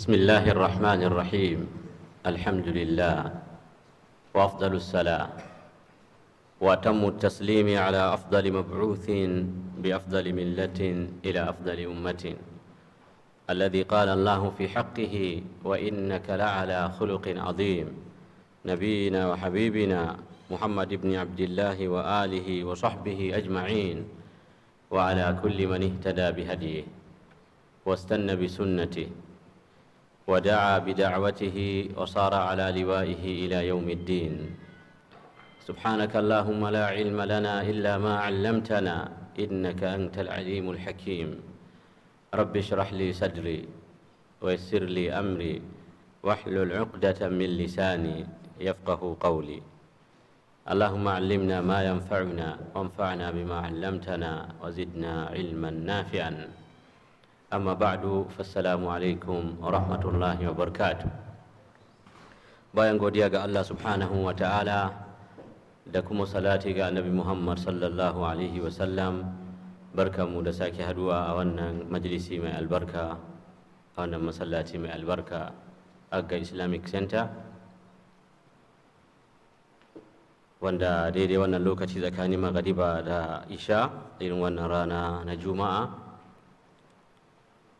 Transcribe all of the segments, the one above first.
بسم الله الرحمن الرحيم الحمد لله وأفضل السلام وأتم التسليم على أفضل مبعوث بأفضل ملة إلى أفضل أمة الذي قال الله في حقه وإنك لعلى خلق عظيم نبينا وحبيبنا محمد بن عبد الله وآله وصحبه أجمعين وعلى كل من اهتدى بهديه واستنى بسنته ودعا بدعوته وصار على لوائه إلى يوم الدين سبحانك اللهم لا علم لنا إلا ما علمتنا إنك أنت العليم الحكيم رب اشرح لي صدري ويسر لي أمري واحلل عقدة من لساني يفقه قولي اللهم علمنا ما ينفعنا وانفعنا بما علمتنا وزدنا علما نافعا amma ba'du fassalamu alaikum wa rahmatullahi wa bayan godiya ga Allah subhanahu wa ta'ala da kuma salati ga annabi Muhammad sallallahu alaihi wa sallam barkamu da sake haduwa a wannan majalisi mai albarka a wannan masallaci mai albarka agga Islamic Center wanda daidai wannan lokaci tsakanin magariba da isha irin wannan rana na juma'a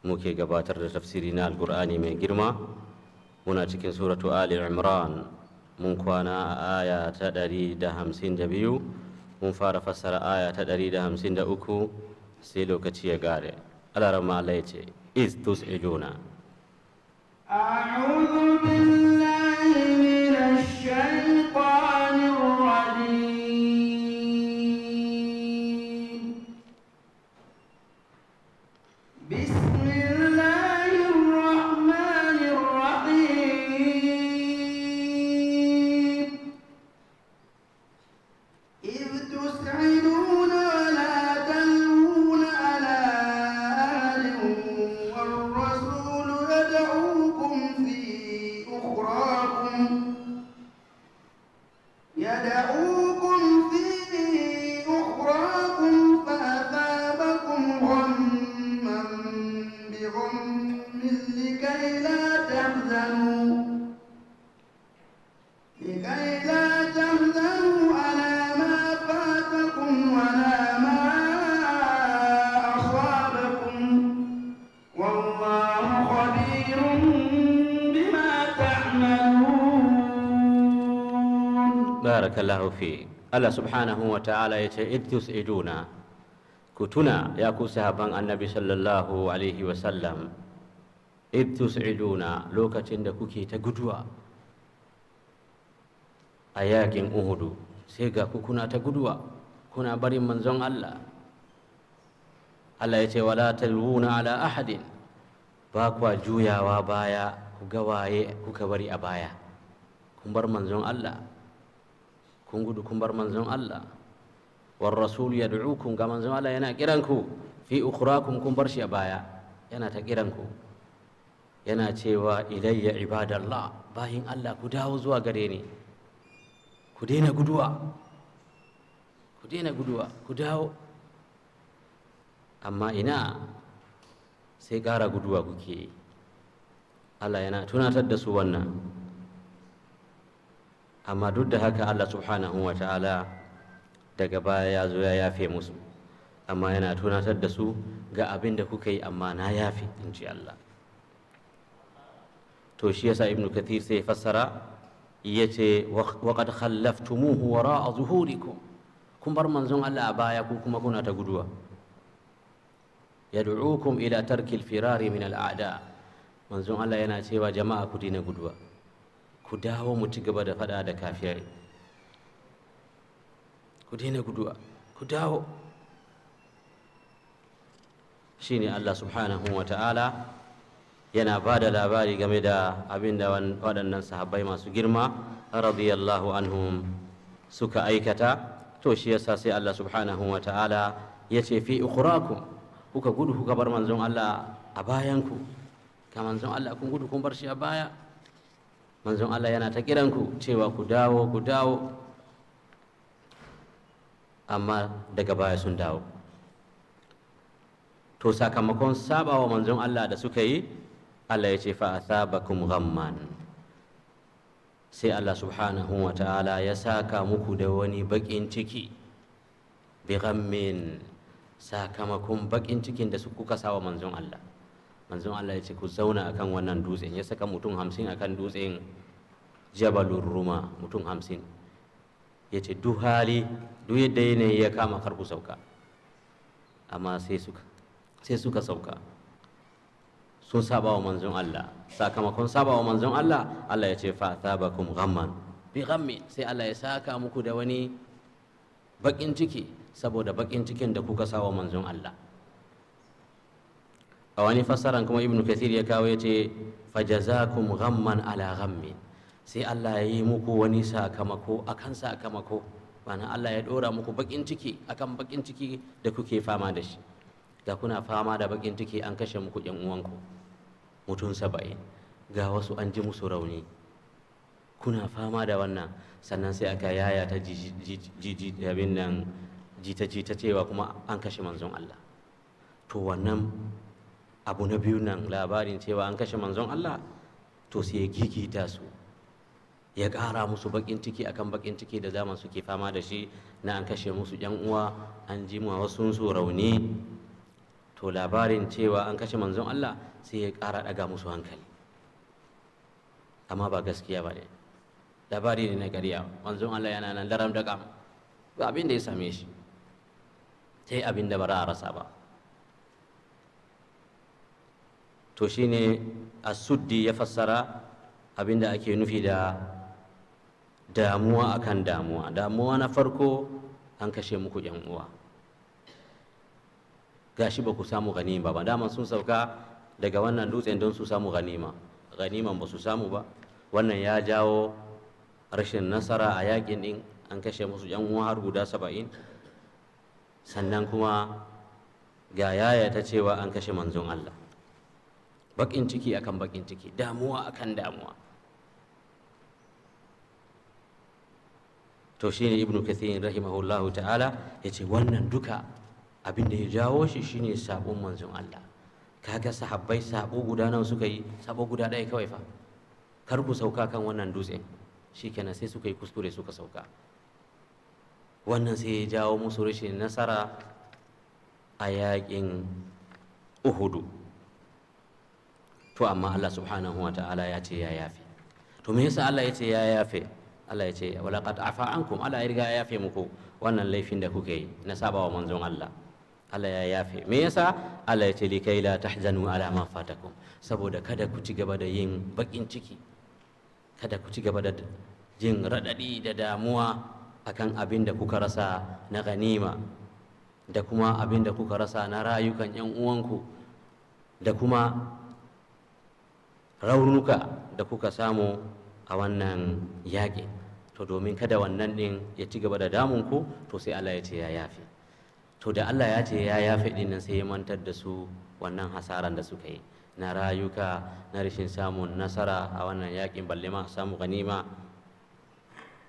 muke gabatar da tafsiri na alkur'ani mai girma muna cikin suratu ali imran mun kwana a aya ta da da hamsin biyu mun fara fassara aya ta da da hamsin uku sai lokaci ya gare alarama Allah ya ce is a'udhu billahi Allah subhanahu wa ta'ala ya ce idtus iduna ku tuna ya ku sahaban annabi sallallahu alaihi sallam idtus iduna lokacin da kuke ta guduwa a yakin uhudu sai ga ku kuna ta guduwa kuna barin manzon Allah Allah ya ce wala talwuna ala ahadin ba kwa juyawa baya ku gawaye kuka bari a baya kun bar manzon Allah kun gudu kun bar manzon Allah war rasul yad'ukum ga manzon Allah yana kiranku fi ukhrakum kun bar shi a baya yana ta kiranku yana cewa ilayya ibadallah bayin Allah ku dawo zuwa gare ni ku daina guduwa ku daina guduwa ku dawo amma ina sai ƙara guduwa kuke Allah yana tunatar da su wannan amma duk da haka Allah subhanahu wa ta'ala daga baya ya zo ya yafe musu amma yana tunatar da su ga abin da kuka yi amma na yafe in ji Allah to shi yasa ibnu kathir sai fassara yace waqad khallaftumuhu wara'a zuhurikum kun bar manzon Allah a baya ko kuma kuna ta guduwa yad'ukum ila tarki al-firari min al-a'da manzon Allah yana cewa jama'a ku dina guduwa ku dawo mu ci gaba da fada da kafirai ku daina guduwa ku dawo ne Allah subhanahu wa ta'ala yana ba da labari game da abin da waɗannan sahabbai masu girma radiyallahu anhum suka aikata to shi yasa sai Allah subhanahu wa ta'ala ya ce fi ukhraku kuka gudu kuka bar manzon Allah a bayanku ka manzon Allah kun gudu kun bar shi a baya manzon Allah yana ta kiranku cewa ku dawo ku dawo amma daga baya sun dawo to sakamakon sabawa manzon Allah da suka yi Allah ya ce fa asabakum ghamman sai Allah subhanahu wa ta'ala ya saka muku da wani bakin ciki bi ghammin sakamakon bakin cikin da su kuka sawa manzon Allah manzon Allah ya ce ku zauna akan wannan dutsen ya saka mutum hamsin akan dutsen jabalur ruma mutum hamsin ya ce duk hali duk yadda yanayi ya kama kar ku sauka amma sai suka sauka sun saba wa manzon Allah sakamakon saba wa manzon Allah Allah ya ce fa thabakum ghamman bi ghammi sai Allah ya saka muku da wani bakin ciki saboda bakin cikin da kuka sawa manzon Allah a wani fassaran kuma ibnu kathir ya kawo yace fajazakum ghamman ala ghammi sai Allah ya yi muku wani sakamako akan sakamako ma'ana Allah ya dora muku bakin ciki akan bakin ciki da kuke fama da shi ga kuna fama da bakin ciki an kashe muku yan uwanku mutum saba'in ga wasu an ji musu rauni kuna fama da wannan sannan sai aka yaya ta jita jita cewa kuma an kashe manzon Allah to wannan abu na biyu nan labarin cewa an kashe manzon Allah to sai ya gigita su ya ƙara musu bakin ciki akan bakin ciki da zaman ke fama da shi na an kashe musu yan uwa an ji mu wasu su rauni to labarin cewa an kashe manzon Allah sai ya kara daga musu hankali amma ba gaskiya ba ne labari ne na ƙarya manzon Allah yana nan daram daga ba abin da ya same shi sai abin da ba a rasa ba to shine suddi ya fassara abinda ake nufi da damuwa akan damuwa damuwa na farko an kashe muku yan uwa gashi ba ku samu ganima ba Dama sun sauka daga wannan dutsen don su samu ganima ganiman ba su samu ba wannan ya jawo rashin nasara a yakin din an kashe musu yan uwa har guda saba'in sannan kuma ga yaya ta cewa an kashe manzon Allah bakin ciki akan bakin ciki damuwa akan damuwa to shine ibnu kathir rahimahullahu ta'ala yace wannan duka abin da ya jawo shi shine sabon manzon Allah kaga sahabbai sabo guda nawa suka yi sabo guda ɗaya kawai fa kar ku sauka kan wannan dutse shikenan sai suka yi kuskure suka sauka wannan sai ya jawo musu rashin nasara a yaƙin uhudu to amma Allah subhanahu wa ta'ala ya ce ya yafe to me yasa Allah ya ce ya yafe Allah ya ce walaqad afa ankum Allah ya riga ya yafe muku wannan laifin da kuke yi na sabawa manzon Allah Allah ya yafe me yasa Allah ya ce likai la tahzanu ala ma fatakum saboda kada ku ci gaba da yin bakin ciki kada ku ci gaba da jin radadi da damuwa akan abin da kuka rasa na ganima da kuma abin da kuka rasa na rayukan yan uwanku da kuma raunuka da kuka samu a wannan yaƙi to domin kada wannan ɗin ya ci gaba da damun ku to sai Allah ya ce ya yafe to da Allah ya ce ya yafe ɗin nan sai ya mantar da su wannan hasaran da suka yi na rayuka na rashin samun nasara a wannan yaƙin balle ma samu ganima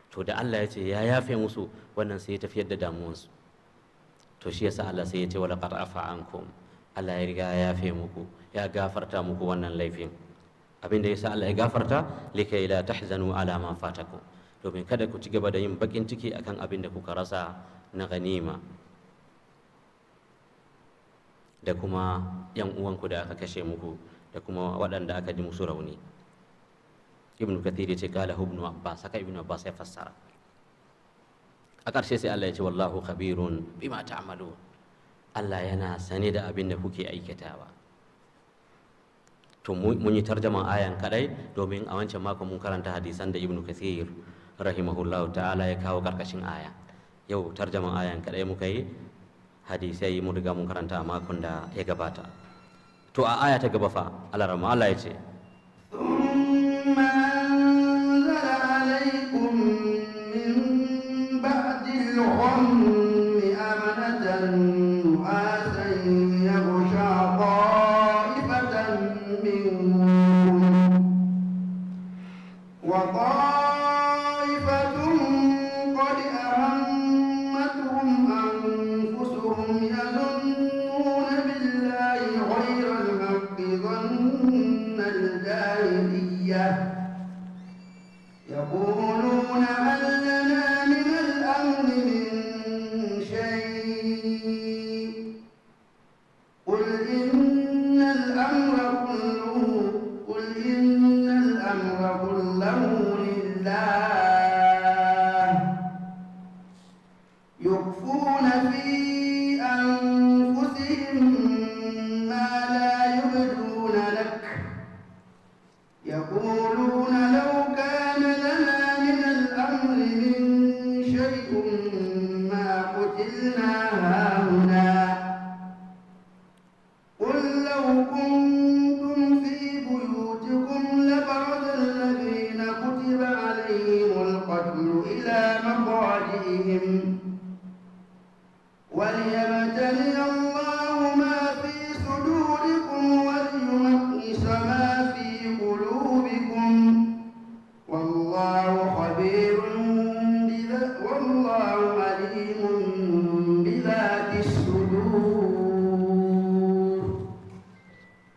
to da Allah ya ce ya yafe musu wannan sai ya tafiyar da damuwansu to shi yasa Allah sai ya ce wala qad afa ankum Allah ya riga ya yafe muku ya gafarta muku wannan laifin abinda yasa Allah ya gafarta likai la tahzanu ala ma fataku domin kada ku ci gaba da yin bakin ciki akan abinda da kuka rasa na ganima da kuma yan uwanku da aka kashe muku da kuma waɗanda aka ji musu rauni ibnu kathir ya ce kala ibnu abbas haka ibnu abbas ya fassara a ƙarshe sai Allah ya ce wallahu khabirun bima ta'malun Allah yana sane da abin da kuke aikatawa to mun yi tarjaman ayan kadai domin a wancan makon mun karanta hadisan da ibnu kathir rahimahullahu ta'ala ya kawo karkashin aya yau tarjaman ayan kadai muka yi hadisai mun riga mun karanta a makon da ya gabata to a aya ta gaba fa Allah ya ce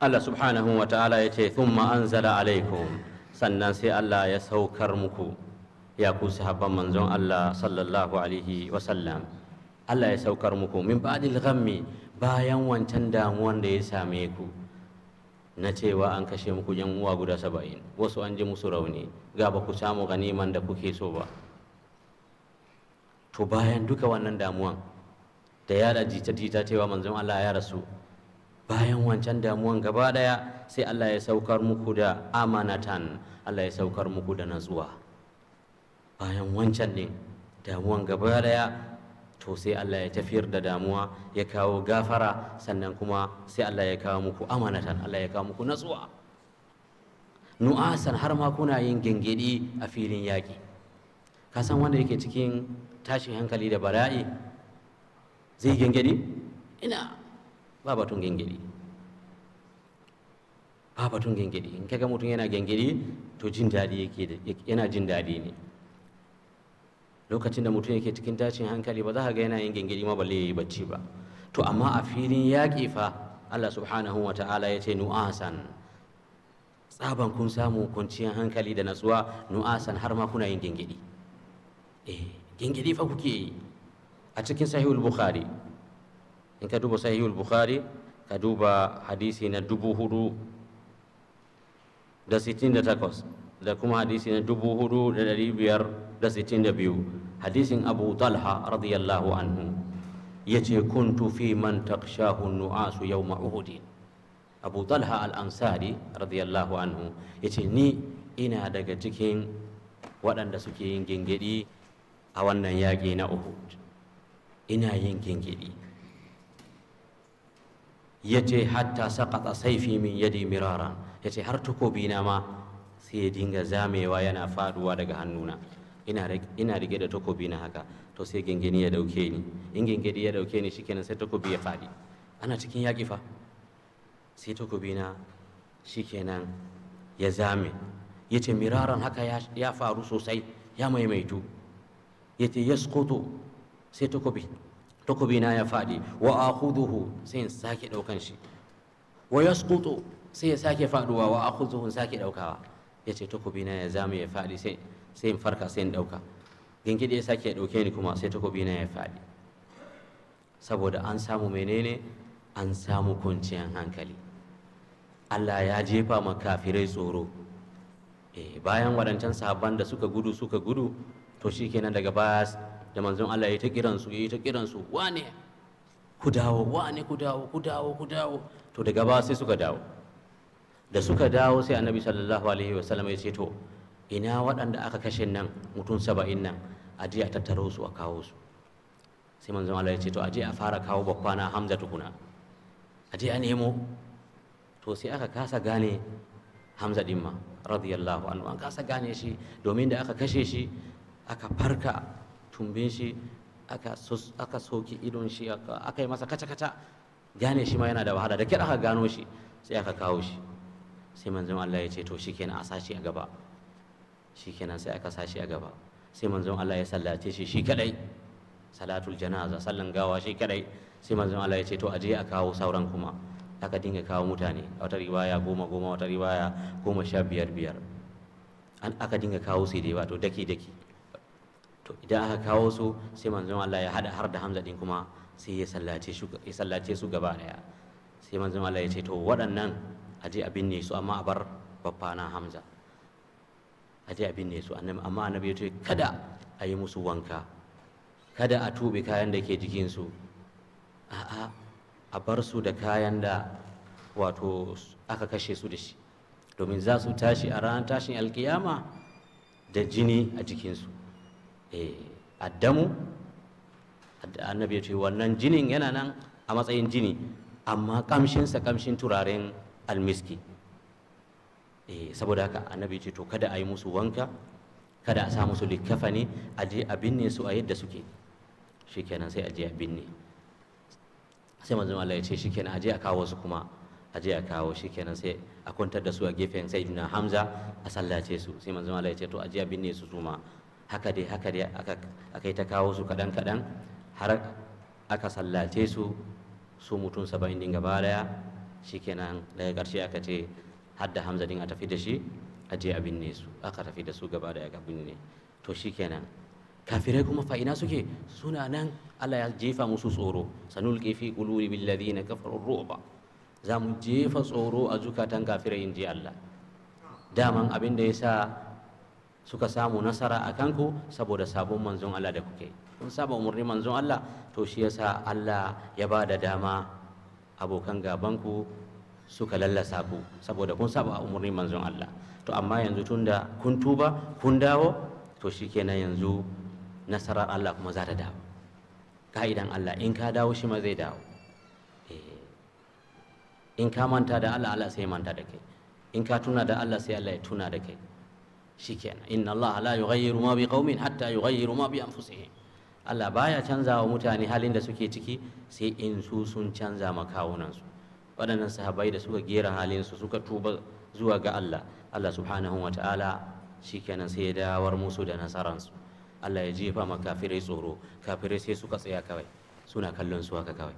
Allah subhanahu wa ta'ala ya ce thumma anzala alaikum sannan sai Allah ya saukar muku ya ku sahabban manzon Allah sallallahu alaihi wa sallam Allah ya saukar muku min ba'dil ghammi bayan wancan damuwan da ya same ku na cewa an kashe muku yan uwa guda saba'in wasu an ji musu rauni ga ba ku samu ganiman da kuke so ba to bayan duka wannan damuwan da ya jita jita cewa manzon Allah ya rasu bayan wancan damuwan gaba daya sai Allah ya saukar muku da amanatan Allah ya saukar muku da natsuwa bayan wancan ne damuwan gaba daya to sai Allah ya tafiyar da damuwa ya kawo gafara sannan kuma sai Allah ya kawo muku amanatan Allah ya kawo muku natsuwa nu'asan har ma kuna yin gengedi a filin yaƙi ka san wanda yake cikin tashin hankali da bara'i zai gengedi ina ba batun gengedi ba batun in kaga mutum yana gengeli to jin daɗi yake yana jin daɗi ne lokacin da mutum yake cikin tashin hankali ba za ka ga yana yin gengeli ma balle yayi bacci ba to amma a filin yaƙi fa Allah subhanahu wa ta'ala ya ce nu'asan tsaban kun samu kwanciyar hankali da natsuwa nu'asan har ma kuna yin gengeli eh gengeli fa kuke yi a cikin sahihul bukhari in ka duba sahihul bukhari ka duba hadisi na dubu hudu da sittin da takwas da kuma hadisi na dubu hudu da ɗari biyar da sittin da biyu hadisin abu talha radiyallahu anhu ya ce kuntu fi man takshahu nu'asu yau ma'uhudin abu talha al'ansari radiyallahu anhu ya ce ni ina daga cikin waɗanda suke yin gingidi a wannan yaƙi na uhud ina yin gingidi ya ce hatta saƙaƙa saifi min yadi mirara ya ce har takobi na ma sai ya dinga zamewa yana faduwa daga hannuna ina rike da takobi na haka to sai gengeni ya dauke ni in gengeni ya dauke ni shikenan sai takobi ya faɗi ana cikin yaƙi fa sai takobi na shikenan ya zame ya ce miraran haka ya faru sosai ya maimaitu ya ce ya sai takobi na ya faɗi wa akhuduhu sai in sake ɗaukan shi wa yasqutu sai ya sake faɗuwa wa akhuduhu sake ɗaukawa yace na ya zama ya faɗi sai sai in farka sai in ɗauka gingide ya sake dauke ɗauke ni kuma sai na ya faɗi saboda an samu menene an samu kunciyan hankali Allah ya jefa ma kafirai tsoro eh, bayan waɗancan sahabban da suka gudu suka gudu to shikenan daga baya da manzon Allah ya ta su ya ta su wane ku dawo wane ku dawo ku dawo ku dawo to daga ba sai suka dawo da suka dawo sai annabi sallallahu alaihi wa sallam ya ce to ina waɗanda aka kashe nan mutum saba'in nan a je a tattaro su a kawo su sai manzon Allah ya ce to a je a fara kawo bakwana Hamza tukuna a je a nemo to sai aka kasa gane Hamza din ma radiyallahu anhu an kasa gane shi domin da aka kashe shi aka farka tumbin shi aka soke idon shi aka yi masa kaca-kaca gane shi ma yana da wahala da kira aka gano shi sai aka kawo shi sai manzon Allah ya ce to shikenan a sashi a gaba shikenan sai aka sashi a gaba sai manzon Allah ya sallace shi shi kadai salatul janaza sallan gawa shi kadai sai manzon Allah ya ce to aje a kawo sauran kuma aka dinga kawo mutane a wata riwaya goma goma wata riwaya goma sha biyar biyar an aka dinga kawo sai dai wato daki daki to idan aka kawo su sai manzon Allah ya hada har da Hamza din kuma sai ya sallace su ya sallace su gaba daya sai manzon Allah ya ce to waɗannan a je a binne su amma a bar babba na Hamza a je a binne su amma annabi ya ce kada a yi musu wanka kada a tube kayan da ke jikin su a'a a bar su da kayan da wato aka kashe su da shi domin za su tashi a ranar tashin alkiyama da jini a jikinsu Eh, addamu annabi ya ce wannan jinin yana nan a matsayin jini amma kamshinsa kamshin turaren almiski eh, saboda haka annabi ya ce to kada a yi musu wanka kada a sa musu likkafani a je a binne su a yadda suke shikenan sai a je a binne sai manzon Allah ya ce shikenan a je a kawo su kuma a je a kawo shikenan sai a kwantar da su a gefen sai juna Hamza a sallace su sai manzon Allah ya ce to a je a binne su su ma haka dai haka dai aka yi ta kawo su kaɗan kaɗan har aka sallace su su mutum saba'in din gaba daya shikenan daga ƙarshe aka ce hadda hamza din a tafi da shi a je a binne su aka tafi da su gaba daya ga binne to shikenan kafirai kuma fa'ina suke suna nan Allah ya jefa musu tsoro kifi fi qulubi kafar kafaru ruba za mu jefa tsoro a zukatan kafirai ji Allah daman abin da sa. suka samu nasara a kanku saboda sabon manzon Allah da kuke kun saba umarnin manzon Allah to shi yasa Allah ya ba da dama abokan gabanku suka lallasa ku saboda kun saba umarnin manzon Allah to amma yanzu tunda kun tuba kun dawo to shi kenan yanzu nasarar Allah kuma za ta dawo ka'idan Allah in ka dawo shi ma zai dawo eh, in ka manta da Allah Allah sai manta da kai in ka tuna da Allah sai Allah ya tuna da kai shikenan inna Allah la yughayyiru ma biqaumin hatta yughayyiru ma bi anfusihim Allah baya canza wa mutane halin da suke ciki sai in su sun canza makawunan su waɗannan sahabbai da suka gera halin su suka tuba zuwa ga Allah Allah subhanahu wa ta'ala shikenan sai ya dawar musu da nasaransu Allah ya jefa ma kafirai tsoro kafirai sai suka tsaya kawai suna kallon su haka kawai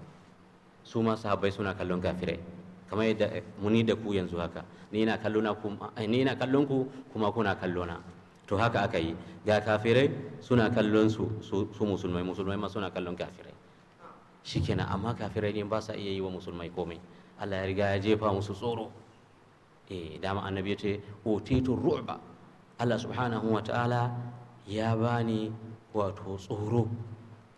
su ma sahabbai suna kallon kafirai kamar yadda eh, muni da ku yanzu haka ni na ku eh, kallon ku kuma kuna kallona to haka aka yi ga kafirai suna kallon su su musulmai musulmai ma suna kallon kafirai shikenan amma kafirai ne ba sa iya yi wa musulmai komai Allah ya riga ya jefa musu tsoro eh dama annabi ya ce utitu ru'ba Allah subhanahu wa ta'ala ya bani wato tsoro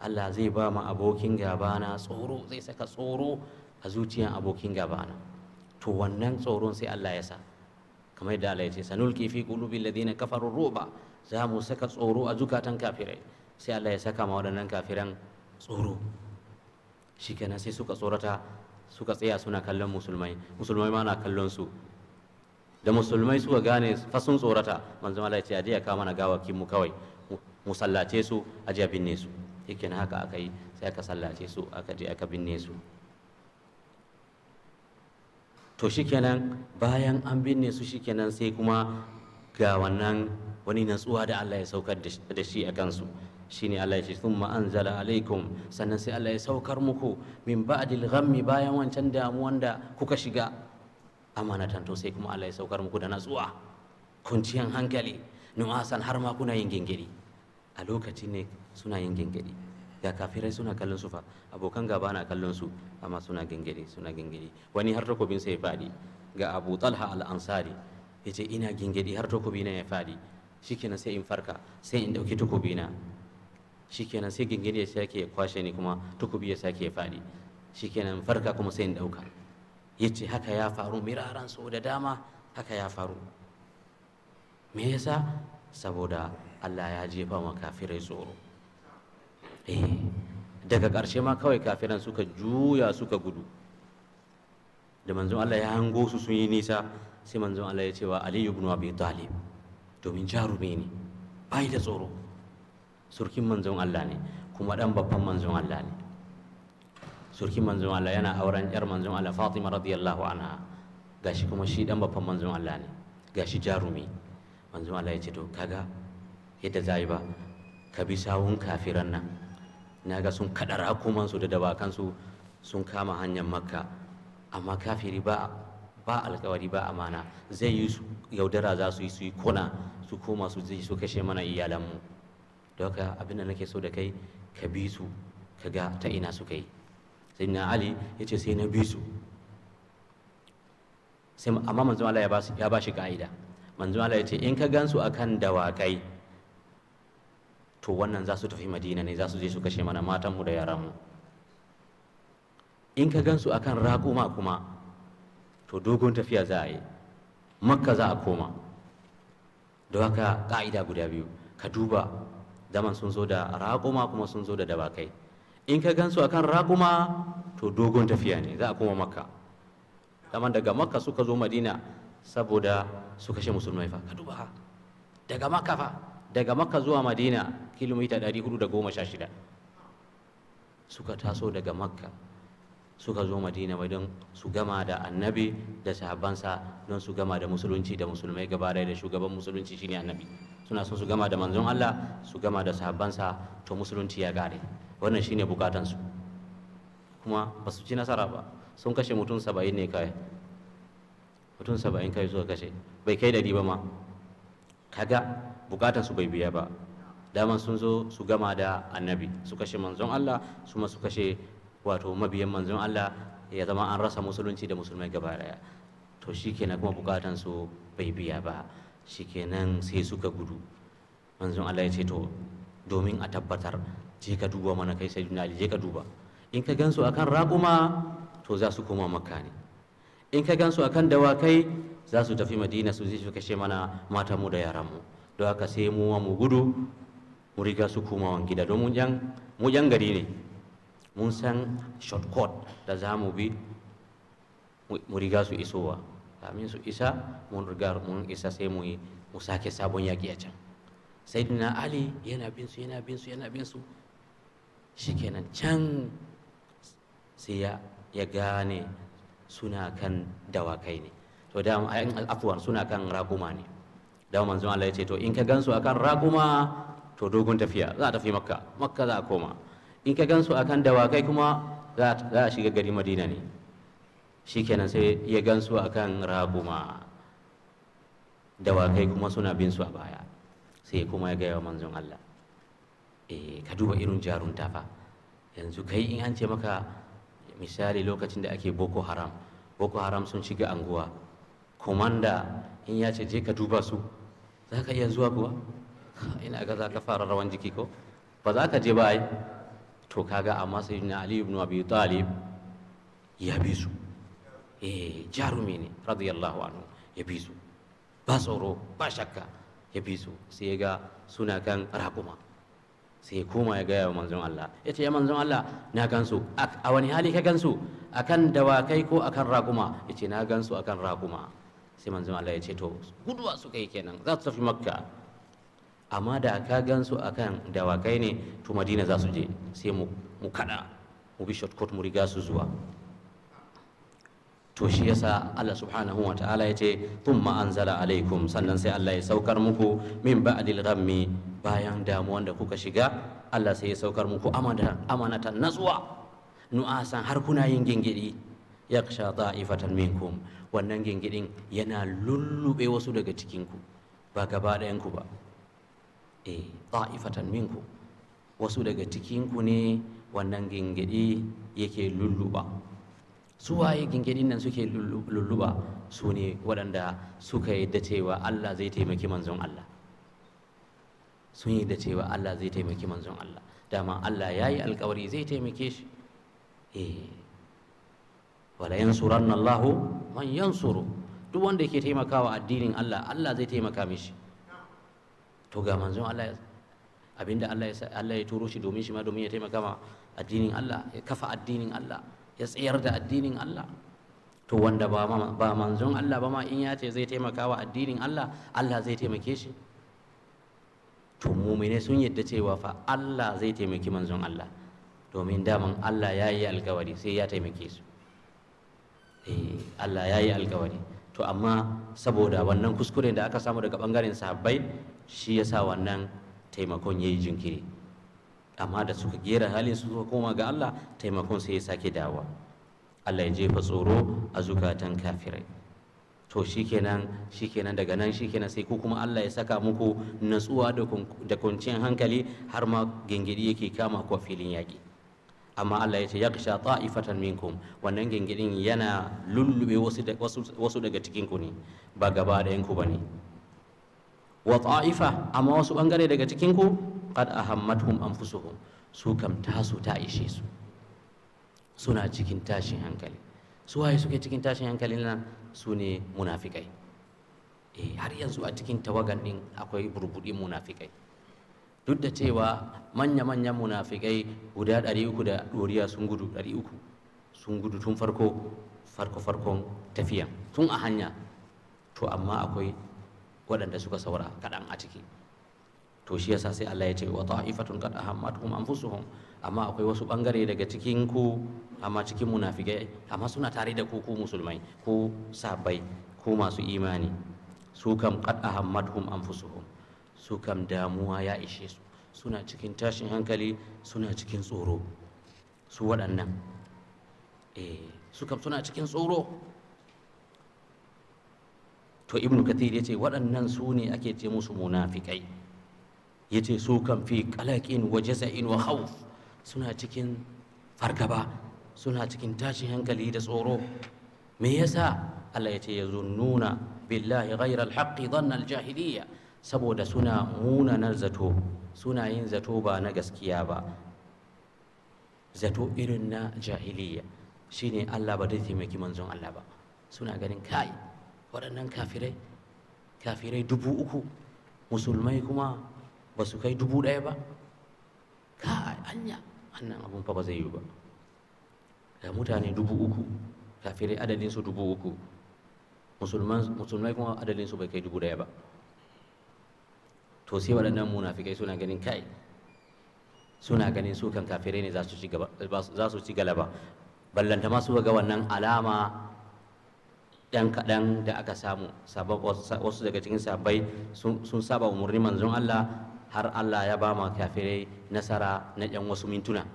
Allah zai ba ma abokin gabana tsoro zai saka tsoro a zuciyan abokin gaba na to wannan tsoron sai Allah ya sa kamar yadda Allah ya ce sanulqi fi qulubil ladina kafaru ruba za mu saka tsoro a zukatan kafirai sai Allah ya saka ma waɗannan kafiran tsoro shikenan sai suka tsorata suka tsaya suna kallon musulmai musulmai ma na kallon su da musulmai suka gane fa sun tsorata manzo Allah ya ce aje ya kawo mana gawakin mu kawai mu sallace su aje binne su yake haka aka yi sai aka sallace su aka je aka binne su to shikenan bayan an binne su shikenan sai kuma ga wannan wani natsuwa da Allah ya saukar da shi a kansu shine Allah ya ce thumma anzala alaikum sannan sai Allah ya saukar muku min ba'dil ghammi bayan wancan damuwan da kuka shiga amanatan to sai kuma Allah ya saukar muku da natsuwa kunciyan hankali nu'asan har ma kuna yin gingiri a lokaci ne suna yin gingiri ga kafirai suna kallon su fa abokan gaba na kallon su amma suna gingiri suna gingiri wani har takobin sai ya fadi ga Abu Talha al-Ansari yace ina gingiri har takobi na ya fadi shikenan sai in farka sai in dauki takobi na shikenan sai gingiri ya sake ya kwashe ni kuma takobi ya sake ya fadi shikenan farka kuma sai in dauka yace haka ya faru miraran so da dama haka ya faru me yasa saboda Allah ya jefa wa kafirai tsoro Eh, daga ƙarshe ma kawai kafiran suka juya suka gudu da manzon Allah ya hango su sun yi nisa sai manzon Allah ya ce wa Ali ibn Abi Talib domin jarume ne bai da tsoro surkin manzon Allah ne kuma dan babban manzon Allah ne surkin manzon Allah yana auren yar manzon Allah Fatima radiyallahu anha gashi kuma shi dan babban manzon Allah ne gashi jarumi manzon Allah ya ce to kaga yadda zai ba ka bi sawun kafiran nan na ga sun kaɗa rakumansu da dawakansu sun kama hanyar makka amma kafiri ba ba alkawari ba amana zai yi su yaudara za su yi su yi kona su koma su zai su kashe mana iyalanmu da haka abinda nake so da kai ka bi su ka ga ta ina su yi sai na ali ya ce sai na bi su sai amma manzon Allah ya ba shi ka'ida manzon Allah ya ce in ka gansu akan dawakai to wannan za su tafi madina ne za su je su kashe mana matanmu da yaranmu in ka gansu akan raguma kuma to dogon tafiya za a yi makka za a koma da haka ƙa'ida guda biyu ka duba zaman sun zo da raguma kuma sun zo da dabakai in ka gansu akan raguma to dogon tafiya ne za a koma makka Zaman daga makka suka zo madina saboda su kashe musulmai fa ka duba daga makka fa daga makka zuwa madina kilomita 416 suka taso daga makka suka zo madina mai don su gama da annabi da sahabbansa don su gama da musulunci da musulmai gaba da shugaban musulunci shine annabi suna son su gama da manzon Allah su gama da sahabbansa to musulunci ya gare wannan shine bukatansu kuma ba su ci nasara ba sun kashe mutum saba'in ne kai mutum saba'in kai suka kashe bai kai dari ba ma kaga bukatar su bai biya ba dama sun zo su gama da annabi su kashe manzon Allah su ma su kashe wato mabiyan manzon Allah ya zama an rasa musulunci da musulmai gaba daya to shikenan kuma bukatan su bai biya ba shikenan sai suka gudu manzon Allah ya ce to domin a tabbatar je ka duba mana kai sai Ali je ka duba in ka gansu akan raƙuma to za su koma makka ne in ka gansu akan dawakai za su tafi madina su zai su kashe mana matanmu da yaranmu To haka sai mu mu gudu mu riga su kuma komawan gida don mu jan gari ne mun san shortcut da za mu bi mu riga su isowa kamin su isa mun riga mun isa sai mu mu sake sabon yaƙi a can sayyidina ali yana bin su yana bin su yana bin su shikenan can sai ya gane suna kan dawakai ne to da afwan suna kan raguma ne da manzo Allah ya ce to in ka gansu akan raƙuma to dogon tafiya za a tafi makka makka za a koma in ka gansu akan dawakai kuma za a shiga gari madina ne shikenan sai ya gansu akan raƙuma dawakai kuma suna bin su a baya sai kuma ya gaya wa Allah eh ka duba irin jarunta fa yanzu kai in an ce maka misali lokacin da ake boko haram boko haram sun shiga anguwa komanda in ya ce je ka duba su za ka iya zuwa kuwa ina ga za ka fara rawan jiki ko ba za ka je ba ai to kaga amma sai na ali ibn abi talib ya bi su eh jarumi ne radiyallahu anhu ya bi su ba tsoro ba shakka ya bi su sai ga suna kan raƙuma sai ya koma ya gaya wa manzon Allah ya ce ya manzon Allah na gansu a wani hali ka gansu akan dawakai ko akan raƙuma ya ce na gansu akan raƙuma sai manzon Allah ya ce to guduwa suka yi kenan za su tafi makka amma da ka gansu akan dawakai ne to madina za su je sai mu mu kada mu bi shortcut mu riga su zuwa to shi yasa Allah subhanahu wa ta'ala ya ce thumma anzala alaikum sannan sai Allah ya saukar muku min ba'dil ghammi bayan damuwan da kuka shiga Allah sai ya saukar muku amanatan natsuwa nu'asan har kuna yin gingidi yaksha da'ifatan minkum wannan gingidin yana lullube wasu daga cikinku ba gaba ɗayanku ba e eh, da'ifatan minkum wasu daga cikinku ne wannan gingidi yake lulluba su waye gingidin nan suke lulluba su ne waɗanda suka yadda cewa Allah zai taimaki manzon Allah sun yi da cewa Allah zai taimaki manzon Allah dama Allah ya yi alkawari zai taimake shi eh wala yansuranna Allahu man yansuru duk wanda yake taimakawa addinin Allah Allah zai taimaka mishi to ga manzon Allah abinda Allah ya Allah ya turo shi domin shi ma domin ya taimaka ma addinin Allah ya kafa addinin Allah ya tsayar da addinin Allah to wanda ba ba manzon Allah ba ma in ya ce zai taimaka wa addinin Allah Allah zai taimake shi to mumine sun yadda cewa fa Allah zai taimaki manzon Allah domin daman Allah ya yi alkawari sai ya taimake su Eh, Allah ya yi alkawari to amma saboda wannan kuskuren da aka samu daga bangaren sahabbai shi ya sa wannan taimakon ya yi jinkiri amma da suka gera halin su suka koma ga Allah taimakon sai ya sake dawa Allah ya jefa tsoro a zukatan kafirai to shikenan shikenan daga nan shikenan sai ko kuma Allah ya saka muku natsuwa da kwanciyar hankali har ma gingiri yake kama ku a filin yaƙi amma Allah ya ce yaksha ta'ifatan minkum wannan gingirin yana lullube wasu daga cikin ku ne ba gaba da yanku bane wa ta'ifa amma wasu bangare daga cikin ku qad ahammatuhum anfusuhum su kam tasu ta ishe su suna cikin tashin hankali su waye suke cikin tashin hankalin nan su ne munafikai eh har yanzu a cikin tawagan din akwai burburi munafikai duk da cewa manya-manyan munafikai guda 300 da ɗoriya sun gudu 300 sun gudu tun farko farko-farkon tafiya tun a hanya to amma akwai waɗanda suka saura kaɗan a ciki to shi yasa sai Allah ya ce wa ta'ifatun qad ahammatuhum anfusuhum amma akwai wasu bangare daga cikin ku amma cikin munafikai amma suna tare da ku ku musulmai ko sabai ko masu imani su kam qad ahammatuhum anfusuhum su kam damuwa ya ishe su suna cikin tashin hankali suna cikin tsoro su waɗannan eh, su kam suna cikin tsoro to ibnu katir ya ce waɗannan su ne ake ce musu munafikai ya ce su kan fi kalaƙin wa jaza'in wa suna cikin fargaba suna cikin tashin hankali da tsoro me yasa Allah ya ce ya zunnuna billahi ghairal haqqi dhanna al jahiliyya saboda suna munanar zato suna yin zato ba na gaskiya ba zato irin na jahiliya shine Allah ba zai taimaki manzon Allah ba suna ganin kai waɗannan kafirai kafirai dubu uku musulmai kuma ba su kai dubu ɗaya ba kai anya annan abun fa ba zai yi ba da mutane dubu uku kafirai adadinsu dubu uku musulmai kuma su bai kai dubu ɗaya ba to sai waɗannan munafikai suna ganin kai suna ganin su kafirai ne za su ci galaba ballanta ma su ga wannan alama ɗan kaɗan da aka samu wasu daga cikin sabai sun saba umarni manzon Allah har Allah ya ba ma kafirai nasara na ɗan wasu mintuna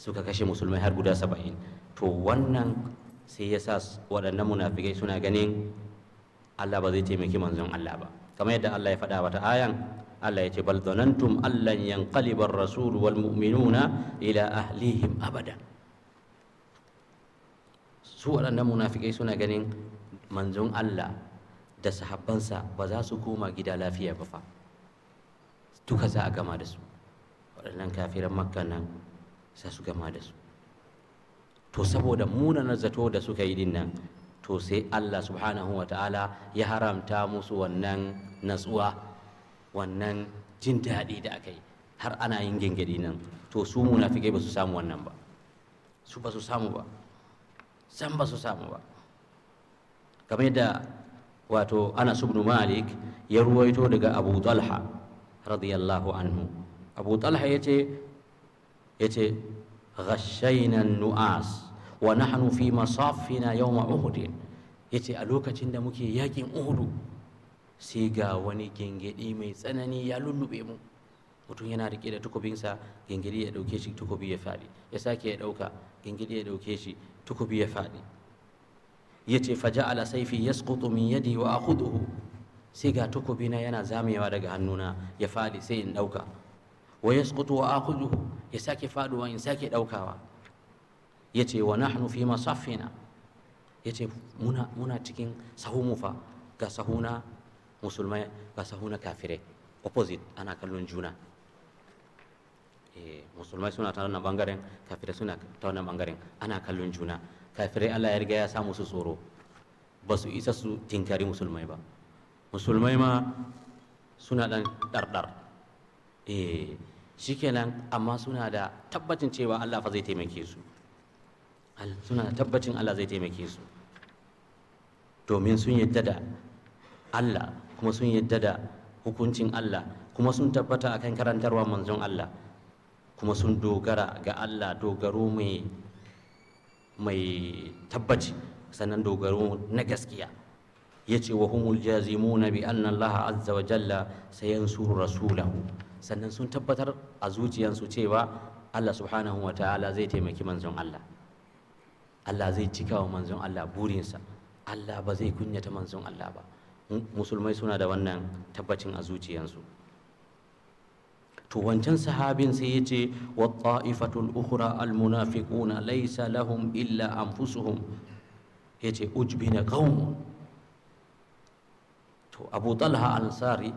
suka kashe musulmai har guda saba'in to wannan sai ya sa waɗannan munafikai suna ganin Allah ba zai taimaki manzon Allah ba kamar yadda Allah ya faɗa wata ayan Allah ya ce bal dhanantum allan yanqaliba ar-rasul wal mu'minuna ila ahlihim abada su waɗannan munafikai suna ganin manzon Allah da sahabbansa ba za su koma gida lafiya ba fa duka za a gama da su waɗannan kafiran makka nan za su gama da su to saboda munanar zato da suka yi din nan to sai Allah subhanahu wa ta'ala ya haramta musu wannan natsuwa wannan jin daɗi da aka yi har ana yin gengedi nan to su munafikai ba su samu wannan ba su ba su samu ba san ba su samu ba kamar yadda wato Anas ibn Malik ya ruwaito daga Abu Talha radiyallahu anhu Abu Talha yace yace ghashayna nu'as wa nahnu fi masafina yawma uhud yace a lokacin da muke yakin uhudu sai ga wani gengedi mai tsanani ya lullube mu mutum yana rike da tukubinsa gengedi ya dauke shi tukubi ya fadi ya sake ya dauka gengedi ya dauke shi tukubi ya fadi yace faja'ala sayfi yasqutu min yadi wa akhuduhu sai ga tukubina yana zamewa daga hannuna ya fadi sai in dauka wa yasqutu wa akhuduhu ya sake faduwa in sake daukawa ya ce wa nahnu fi masafina ya ce muna cikin sahu fa ga sahuna musulmai ga sahuna kafirai opposite ana kallon juna eh, musulmai suna ta wannan bangaren kafirai suna ta wannan bangaren ana kallon juna kafirai Allah ya riga ya samu su tsoro ba su isa su tinkari musulmai ba musulmai ma suna dan dardar eh shikenan amma suna da tabbacin cewa Allah fa zai taimake su suna tabbacin Allah zai taimake su domin sun yadda da Allah kuma sun yadda da hukuncin Allah kuma sun tabbata akan karantarwa manzon Allah kuma sun dogara ga Allah dogaro mai mai tabbaci sannan dogaro na gaskiya ya ce wa humul na bi anna Allah azza wa jalla su rasulahu sannan sun tabbatar a zuciyansu cewa Allah subhanahu wa ta'ala zai taimaki manzon Allah Allah zai cika wa manzon Allah burinsa Allah ba zai kunyata manzon Allah ba musulmai suna da wannan tabbacin a zuciyarsu. to wancan sahabin sai yace wa ta'ifatul ukhra al munafiquna laysa lahum illa anfusuhum yace ujbina qaum to Abu Talha Ansari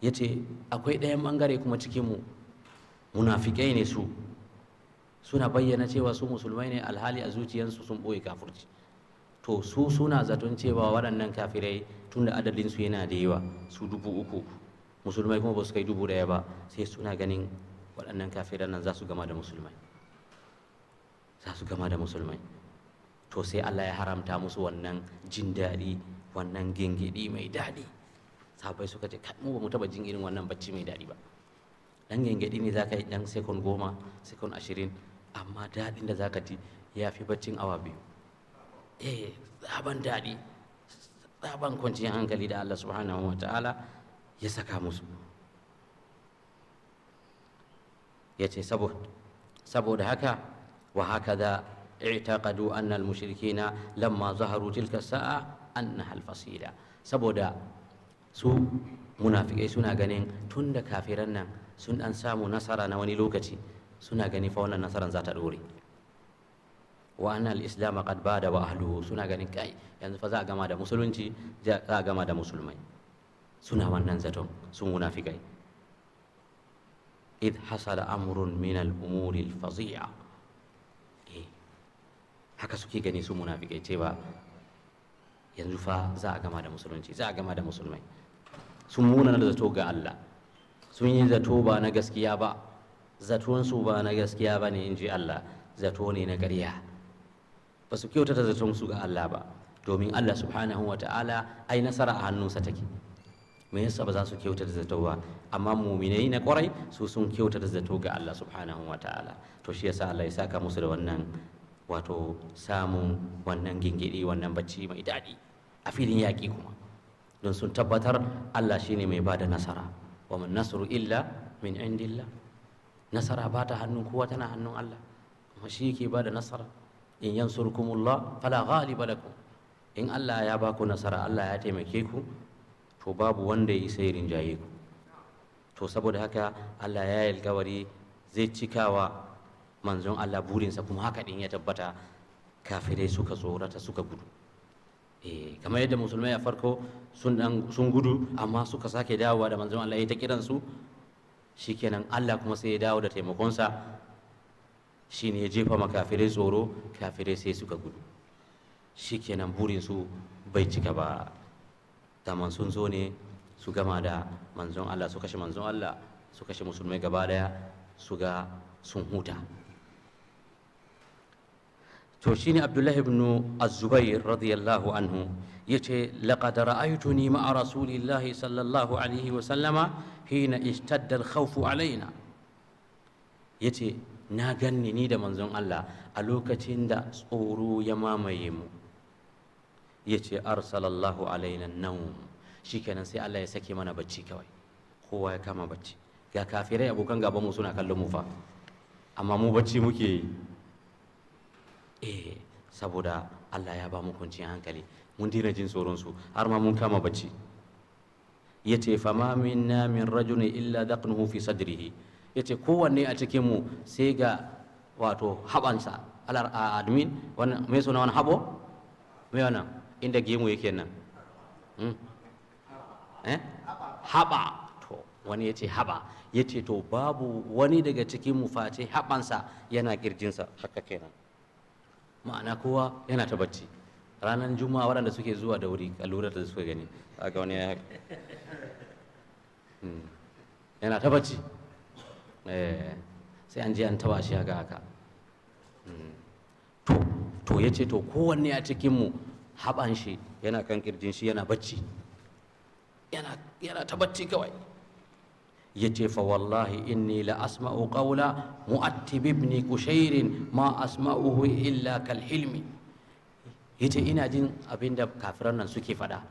yace akwai ɗayan bangare kuma cikin mu munafikai ne su suna bayyana cewa su musulmai ne alhali a zuciyarsu sun ɓoye kafirci to su suna zaton cewa waɗannan kafirai tun da adadinsu yana da yawa su dubu uku musulmai kuma ba su kai dubu daya ba sai suna ganin waɗannan kafirai nan za su gama da musulmai za su gama da musulmai to sai Allah ya haramta musu wannan jin daɗi wannan gingidi mai daɗi sabai suka ce mu ba mu taɓa jin irin wannan bacci mai daɗi ba ɗan gingidi ne za ka yi ɗan sekon goma sekon ashirin amma daɗin da za ka ci ya fi baccin awa biyu eh tsaban daɗi tsaban kwanciyar hankali da Allah subhanahu wa ta'ala ya saka musu ya ce saboda haka wa haka da i'taqadu anna al-mushrikina lamma zaharu tilka sa'a annaha al saboda su munafikai suna ganin tun da kafiran nan sun ɗan samu nasara na wani lokaci suna gani fa wannan nasaran za ta dore wa anna al-islam qad bada wa ahluhu suna gani kai yanzu fa za a gama da musulunci za a gama da musulmai suna wannan zaton sun munafikai id hasala amrun min al-umuri al-fazi'a eh, haka suke gani su munafikai cewa yanzu fa za a gama da musulunci za a gama da musulmai sun muna da zato ga Allah sun yi zato ba na gaskiya ba zatonsu ba na gaskiya ba ne in ji Allah zato ne na ƙarya ba su kyautata zatonsu ga Allah ba domin Allah subhanahu wa ta'ala ai nasara a hannunsa take me yasa ba za su kyautata zato ba amma muminai na kwarai su sun kyautata zato ga Allah subhanahu wa ta'ala to shi yasa Allah ya saka musu da wannan wato samun wannan gingiri wannan bacci mai daɗi a filin yaƙi kuma don sun tabbatar Allah shine mai ba da nasara wa man nasru illa min indillah nasara ba ta hannun kowa tana hannun Allah kuma shi yake ba da nasara in yansurkumullah fala ghaliba lakum in Allah ya ba ku nasara Allah ya taimake ku to babu wanda ya isa irin rinjaye ku to saboda haka Allah ya yi alkawari zai cikawa manzon Allah burinsa kuma haka din ya tabbata kafirai suka tsorata suka gudu eh kamar yadda musulmai a farko sun gudu amma suka sake dawowa da manzon Allah ya ta kiransu shikenan Allah kuma sai ya dawo da taimakonsa shi ne ya jefa makafirai tsoro kafirai sai suka gudu shikenan burin su bai cika ba taman sun zo ne su gama da manzon Allah su kashe manzon Allah su kashe musulmai gaba daya su ga sun huta to shine abdullahi ibn az-zubair radiyallahu anhu yace laqad ra'aytuni ma'a rasulillahi sallallahu alaihi wa sallama hina ishtadda al-khawf alaina yace na ganni ni da manzon Allah a lokacin da tsoro ya mamaye mu yace arsalallahu alaina an-nawm shikenan sai Allah ya sake mana bacci kawai kowa ya kama bacci ga kafirai abokan gaban mu suna kallon mu fa amma mu bacci muke yi eh saboda Allah ya ba mu kunci hankali mun dina jin tsoron su har ma mun kama bacci yace fa ma minna min rajulin illa daqnuhu fi sadrihi yace kowanne a cikin mu sai ga wato habansa alar admin wannan mai suna wani habo mai wannan inda gemu yake nan hmm? eh haba to wani yace haba yace to babu wani daga cikin mu face habansa yana girjinsa haka kenan ma'ana kowa yana ta bacci ranar juma'a waɗanda suke zuwa da wuri lura da suka gani aka wani ya hmm. yana ta bacci eh, sai an je an taba shi haka haka hmm. to ya ce to kowanne a cikinmu haɓan shi yana kan kirjin shi yana bacci yana ta bacci kawai ya ce fa wallahi inni la asma'u qawla mu'attib ibn kushair ma asma'uhu illa kal hilmi yace ina jin abinda kafiran nan suke faɗa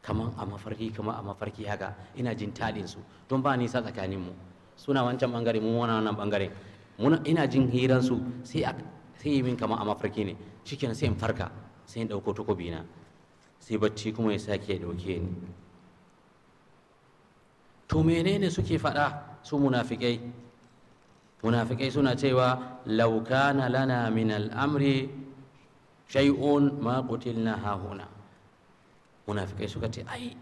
kaman a mafarki kaman a mafarki haka ina jin talin su don ba nisa tsakanin mu suna wancan bangare mu wannan bangare muna ina jin hiran su sai sai min kaman a mafarki ne Cikin sai in farka sai in dauko takobi na sai bacci kuma ya sake dauke ni to menene suke faɗa su munafikai munafikai suna cewa laukana lana min al'amri shay'un ma qutilna hahuna munafikai suka ce ai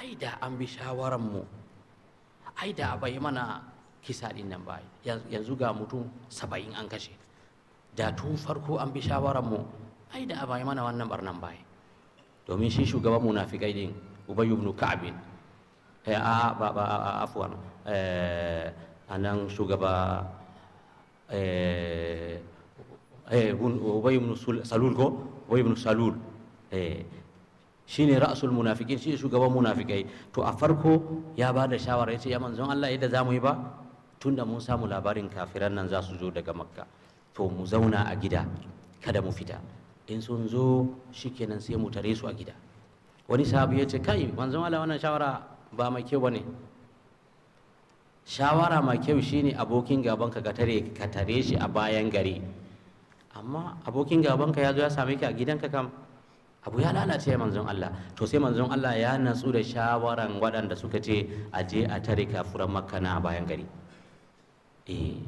ai da an bi shawaran ai da bai mana kisa din nan bai yanzu ga mutum saba'in an kashe da tun farko an bi shawaran ai da bai mana wannan barnan bai domin shi shugaban munafikai din ubayy ibn Eh, a ah, ah, ba ba ah, afuwan eh, a nan shugaba eh, ubay ibn salul ko ubay ibn salul shine ra'sul munafikin shi shugaban munafikai to a farko ya ba da shawara ya ce ya manzon Allah yadda zamu yi ba tunda mun samu labarin kafiran nan za su zo daga makka to mu zauna a gida kada mu fita in sun zo shikenan sai mu tare su a gida wani sahabi ya ce kai manzon Allah wannan shawara ba mai kyau ba ne shawara mai kyau shine abokin gaban ka tare ka tare shi a bayan gari amma abokin gaban ka ya zo ya same ka a gidanka kam abu ya lalace ya manzon Allah to sai manzon Allah ya natsu da shawaran waɗanda suka ce a je a tare kafuran makka na a bayan gari eh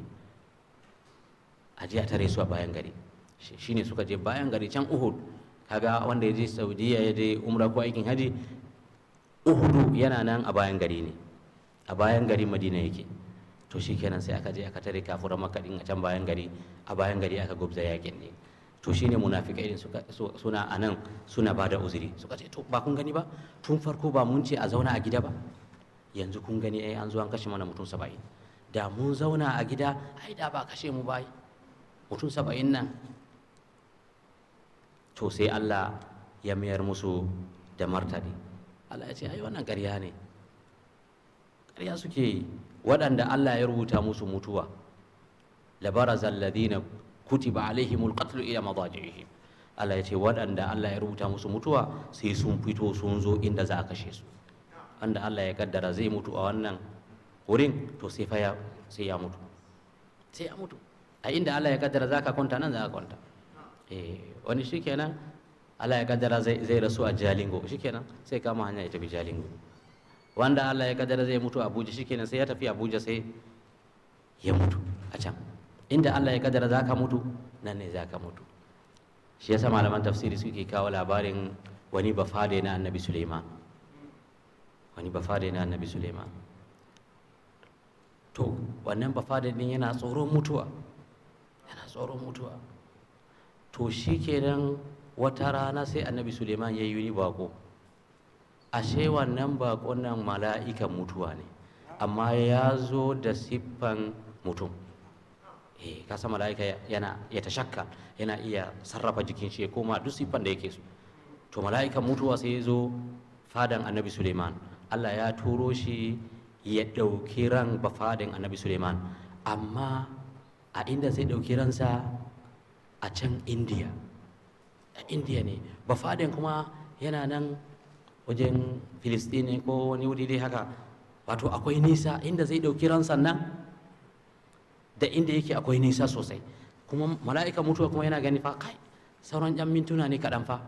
a je a tare su a bayan gari shine suka je bayan gari can Uhud kaga wanda ya je Saudiya ya je umra ko aikin haji uhudu yana nan a bayan gari ne a bayan gari madina yake to shikenan sai aka je aka tare kafura din a can bayan gari a bayan gari aka gubza yakin ne to shine munafikai irin suna anan suna ba da uzuri suka ce to ba kun gani ba tun farko ba mun ce a zauna a gida ba yanzu kun gani ai an zo an kashe mana mutum saba'in da mun zauna a gida ai da ba kashe mu ba mutum saba'in nan to sai allah ya mayar musu da martani Allah ya ce ai wannan ƙarya ne ƙarya suke yi waɗanda Allah ya rubuta musu mutuwa labaraza alladhina kutiba alaihimul qatlu ila madajihim Allah ya ce waɗanda Allah ya rubuta musu mutuwa sai sun fito sun zo inda za a kashe su wanda Allah ya kaddara zai mutu a wannan wurin to sai fa ya sai ya mutu sai ya mutu a inda Allah ya kaddara za ka kwanta nan za ka kwanta eh wani shikenan Allah ya kaddara zai rasu a Jalingo shikenan sai kama hanya ya tafi Jalingo wanda Allah ya kaddara zai mutu a Abuja shikenan sai ya tafi Abuja sai ya mutu a can inda Allah ya kaddara za ka mutu nan ne za ka mutu shi yasa malaman tafsiri suke kawo labarin wani bafade na annabi Suleiman wani bafade na annabi Suleiman to wannan bafade din yana tsoron mutuwa yana tsoron mutuwa to shikenan wata rana sai annabi suleiman ya yi wani bako ashe wannan bakon nan mala'ikan mutuwa ne amma ya zo da siffan mutum eh kasa mala'ika yana ya tashakka yana iya sarrafa jikin shi koma duk siffan da yake so to mala'ikan mutuwa sai ya zo fadan annabi suleiman allah ya turo shi ya ɗauki ran ba fadan annabi suleiman amma a inda zai ɗauki ransa a can indiya a indiya ne faɗin kuma yana nan wajen filistini ko wani wuri dai haka wato akwai nisa inda zai ɗauki ran nan da inda yake akwai nisa sosai kuma mala'ika mutuwa kuma yana gani fa kai sauran yan mintuna ne kaɗan fa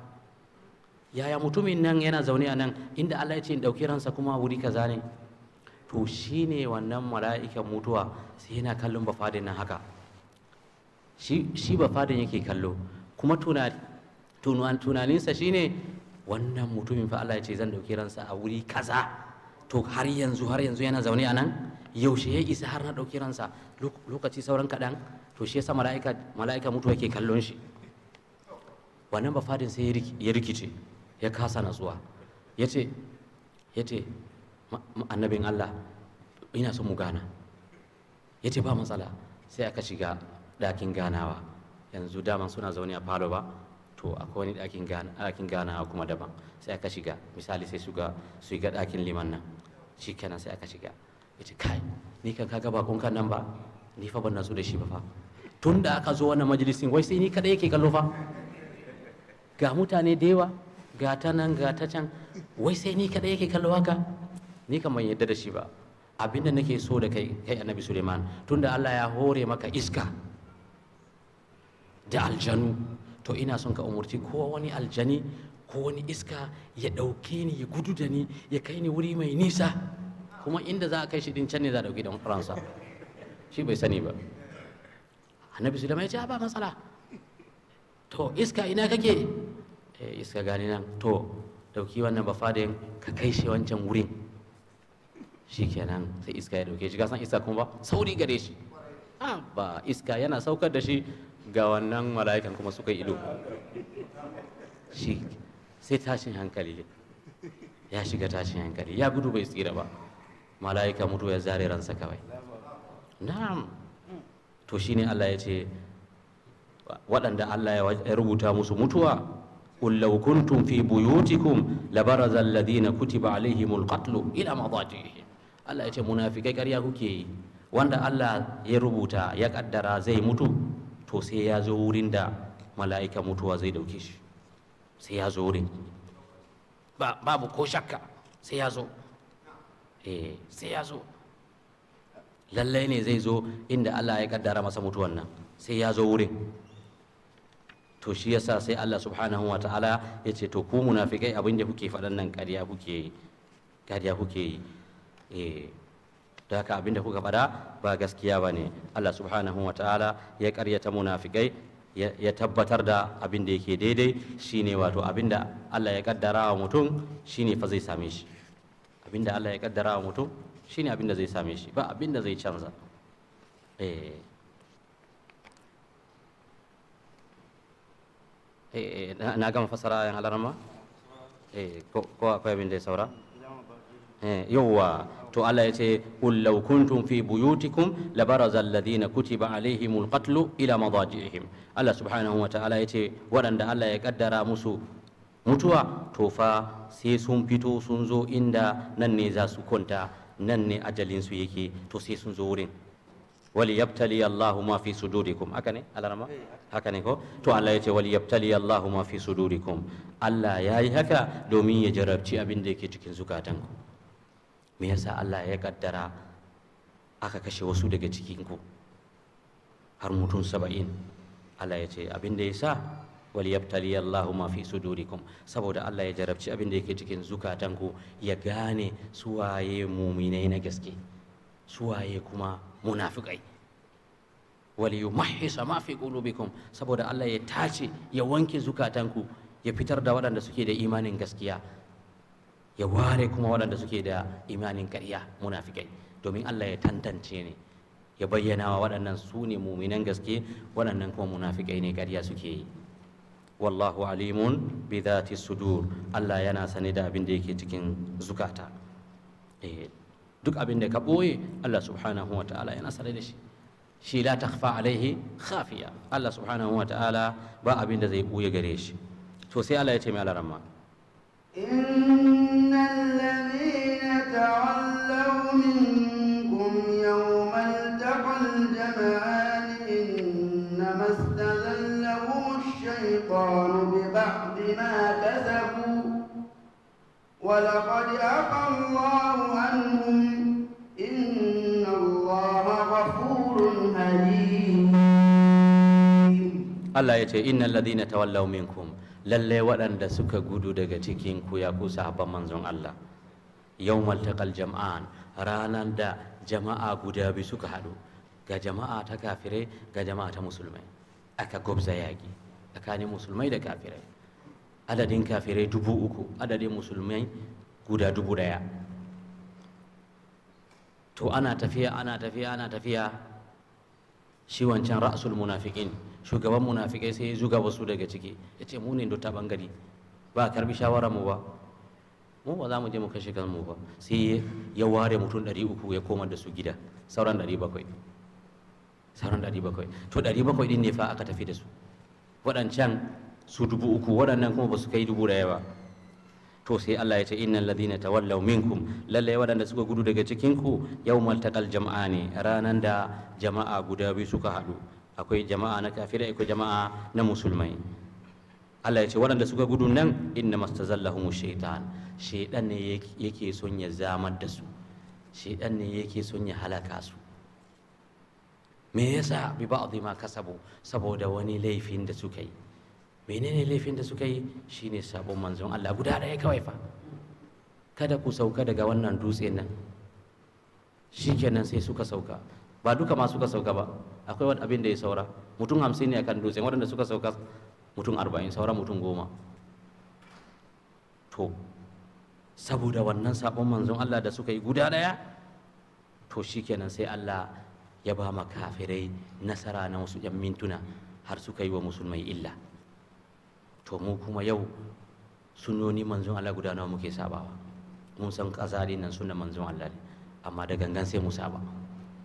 yaya mutumin nan yana zaune a nan inda allah ya ce in ɗauki ransa kuma wuri kaza ne to shi ne wannan mala'ikan mutuwa sai yana kallon bafadin nan haka shi bafadin yake kallo kuma tunani tunaninsa shine wannan mutumin fa Allah ya ce zan dauki ransa a wuri kaza to har yanzu har yanzu yana zaune a nan yaushe ya isa har na dauki ransa lokaci sauran kaɗan to shi yasa mala'ika mala'ika mutuwa ke kallon shi wannan ba fadin sai ya rikice ya kasa natsuwa ya ce ya ce annabin Allah ina son mu gana ya ce ba matsala sai aka shiga ɗakin ganawa yanzu daman suna zaune a falo ba to akwai wani ɗakin ɗakin ganawa kuma daban sai aka shiga misali sai su ga su ga ɗakin liman nan shi kenan sai aka shiga ya ce kai ni kan kaga bakon kan nan ba ni fa ban natsu da shi ba fa tun da aka zo wannan majalisin wai sai ni kaɗai yake kallo fa ga mutane da yawa ga ta nan ga ta can wai sai ni kaɗai yake kallo haka ni kan ban yadda da shi ba abinda nake so da kai kai annabi suleiman tunda allah ya hore maka iska da aljanu to ina son ka umurci ko wani aljani ko wani iska ya ɗauke ni ya gudu da ni ya kai ni wuri mai nisa kuma inda za a kai shi din can ne za a ɗauki don faransa shi bai sani ba annabi su ya ce ah, ba matsala to iska ina kake eh, iska gani nan to ɗauki wannan ba fadin ka kai shi wancan wurin shi kenan sai iska ya dauke shi san iska kuma ba sauri gare shi ah, ba iska yana saukar da shi ga wannan mala'ikan kuma suka ido shi sai tashin hankali ya shiga tashin hankali ya gudu bai tsira ba mala'ika mutu ya zare ransa kawai na'am to shine Allah ya ce waɗanda Allah ya rubuta musu mutuwa qul law kuntum fi buyutikum labaraza alladhina kutiba alaihimul qatlu ila madatihim Allah ya ce munafikai ƙarya kuke wanda Allah ya rubuta ya kaddara zai mutu to sai ya zo wurin da mala'ika mutuwa zai dauke shi sai ya zo wurin babu ko shakka sai ya zo eh sai ya zo lallai ne zai zo inda Allah ya kaddara masa mutuwan nan sai ya zo wurin to shi yasa sai Allah subhanahu wa ta'ala ya ce to ku munafikai abin da kuke faɗan nan ƙarya kuke ƙarya kuke eh da haka abinda kuka faɗa ba gaskiya ba ne allah subhanahu wa ta'ala ya karyata munafikai ya tabbatar da abin da yake daidai shine wato abin da allah ya kaddara wa mutum shine fa zai same shi abin da allah ya kaddara wa mutum shine abin da zai same shi ba abin da zai canza eh. Eh, eh, na gama fasara yan halarma ko akwai abin da ya saura yauwa to Allah ya ce kun laukuntun fi buyutikum labaraza kuti kutiba alaihimul qatlu ila madajihim Allah subhanahu wa ta'ala ya ce waɗanda Allah ya kaddara musu mutuwa to fa sai sun fito sun zo inda nan ne za su kwanta nan ne ajalinsu yake to sai sun zo wurin wali yabtali Allahu ma fi sudurikum haka ne alarma eh, haka ne ko to Allah yace wali yabtali Allahu ma fi sudurikum Allah yayi haka domin ya jarabci abin da yake cikin zukatanku me yasa Allah ya kaddara aka kashe wasu daga cikin ku har mutum saba'in Allah ya ce abin da ya sa waliyabtali Allahu ma fi sudurikum saboda Allah ya jarabci abin da yake cikin zukatanku ya gane suwaye muminai na gaske suwaye kuma munafikai waliyumahhisa ma fi qulubikum saboda Allah ya tace ya wanke zukatanku ya fitar da waɗanda suke da imanin gaskiya ya ware kuma waɗanda suke da imanin ƙarya munafikai domin Allah ya tantance ne ya bayyana wa waɗannan su ne muminan gaske waɗannan kuma munafikai ne ƙarya suke yi wallahu alimun bi dhati sudur Allah yana sane da abin da yake cikin zukata eh, duk abin da ka ɓoye Allah subhanahu wa ta'ala yana sane da shi shi la takfa alaihi khafiya Allah subhanahu wa ta'ala ba abin da zai ɓoye gare shi to sai Allah ya ce mai alaramma إن الذين منكم يوم التقى الجمعان إنما الشيطان ما كسبوا ولقد عفى الله عنهم إن الله غفور حليم الله يتي إن الذين تولوا منكم lalle waɗanda suka gudu daga cikin ku ya ku sahabban manzon Allah yawmal taqal jama'an ranan da jama'a guda biyu suka haɗu ga jama'a ta kafirai ga jama'a ta musulmai aka gobza yaƙi tsakanin musulmai da kafirai adadin kafirai dubu uku adadin musulmai guda dubu daya to ana tafiya ana tafiya ana tafiya shi wancan ra'sul munafiqin shugaban munafikai sai ya zuga wasu daga ciki ya ce mu ne ta bangare ba karbi shawara mu ba mu ba za mu je mu kashe kanmu ba sai ya ware mutum uku ya koma da su gida sauran bakwai sauran bakwai to bakwai din ne fa aka tafi da su waɗancan su dubu uku waɗannan kuma ba su kai dubu daya ba to sai Allah ya ce innal ladina tawallaw minkum lalle waɗanda suka gudu daga cikin ku yawmal taqal jama'ani ranan da jama'a guda biyu suka haɗu akwai jama'a na kafirai akwai jama'a na musulmai Allah ya ce waɗanda suka gudu nan inna mastazallahum shaitan shaitan ne yake son ya zamar da su shaitan ne yake son ya halaka su me yasa bi ba'dhi ma kasabu saboda wani laifin da suka yi menene laifin da suka yi shine sabon manzon Allah guda ɗaya kawai fa kada ku sauka daga wannan dutse nan shikenan sai suka sauka ba duka ma suka sauka ba akwai wani abin da ya saura mutum hamsin ne a kan dutse waɗanda suka sauka mutum arba'in saura mutum goma to saboda wannan sabon manzon Allah da suka yi guda ɗaya to shikenan sai Allah ya ba ma kafirai nasara na wasu yan mintuna har suka yi wa musulmai illa to mu kuma yau sunoni manzon Allah guda nawa muke sabawa mun san ƙasa nan sunan manzon Allah ne amma da gangan sai mu saba